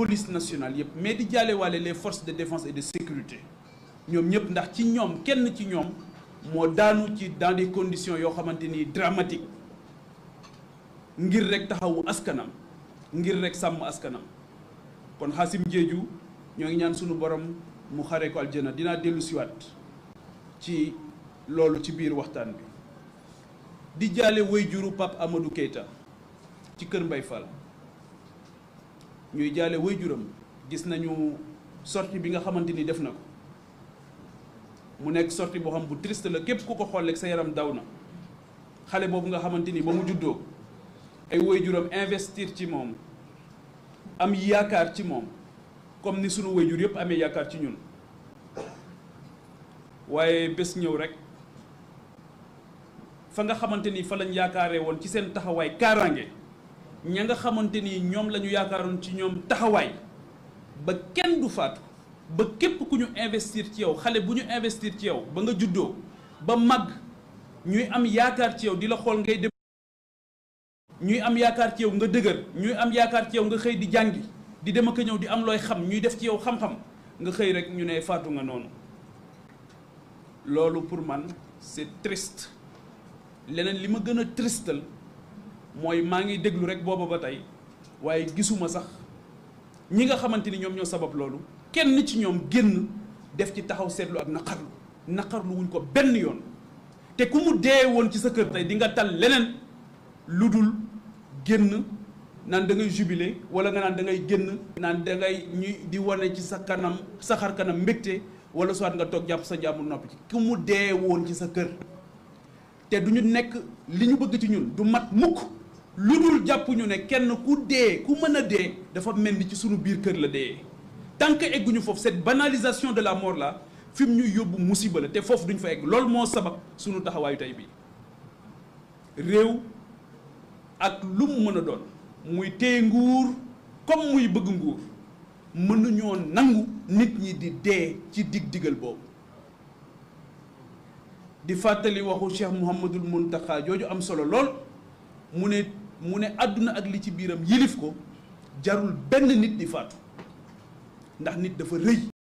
police nationale yëpp mais di jaalewaale les force de défense et de sécurité ñoom ñëpp ndax ci ñoom kenn ci ñoom moo daanu ci dans des conditions yoo xamante ni dramatique ngir rek taxawu askanam ngir rek sàmm askanam kon Xasim Jeeju ñoo ngi ñaan sunu borom mu xare ko aljana dinaa dellu siwaat ci loolu ci biir waxtaan bi di jaale way juru Pape Amadou Keita ci kër Mbay Fall ñuy jaale waajuram gis nañu sorti bi nga xamante ni def na ko mu nekk sortie boo xam bu triste la képp ku ko xoolee sa yaram daw na xale boobu nga xamante ni ba mu juddoo ay waajuram investir ci moom am yi yaakaar ci moom comme ni sunu jur yëpp amee yaakaar ci ñun waaye bés ñëw rek fa nga xamante ni fa lañ yaakaaree woon ci seen taxawaay kaaraange ña nga xamante ni ñoom la ñu yaakaaroon ci ñoom taxawaay ba kenn du faatu ba képp ku ñu investir ci yow xale bu ñu investir ci yow ba nga juddoo ba mag ñuy am yaakaar ci yow di la xool ngay dem ñuy am yaakaar ci nga dëgër ñuy am yaakaar ci yow nga xëy di jàngi di dem ak ñëw di am looy xam ñuy def ci yow xam-xam nga xëy rek ñu ne faatu nga noonu loolu pour man c'est trist leneen li ma gën a tristal mooy maa ngi déglu rek booba ba tey waaye gisuma sax ñi nga xamante ni ñoom ñoo sabab loolu kenn ci ñoom génn def ci taxaw seetlu ak naqarlu naqarlu wuñ ko benn yoon te ku mu dee woon ci sa kër tey di nga tal leneen lu dul génn naan da ngay wala nga da ngay génn naan da ñuy di wane ci sa kanam sa xar kanam mbégte wala soit nga toog jàpp sa jàmm noppi ci ku mu dee woon ci sa kër te du ñu nekk li ñu bëgg ci ñun du mat mukk lu dul jàpp ñu ne kenn ku dee ku mën a dee dafa mel ni ci sunu biir kër la dee tant que egguñu foofu cette banalisation de la mort là fi mu ñuy yóbbu musiba la te foofu duñ fa loolu moo sabab sunu taxawaayu tey bii réew ak lu mën a doon muy téye nguur comme muy bëgg nguur mënuñoo nangu nit ñi di dee ci dig-digal boobu di fàttali waxu Cheikh Mouhamadul Mountakha jooju am solo lool mu ne mu ne àdduna ak li ci biiram yilif ko jarul benn nit di faatu ndax nit dafa rëy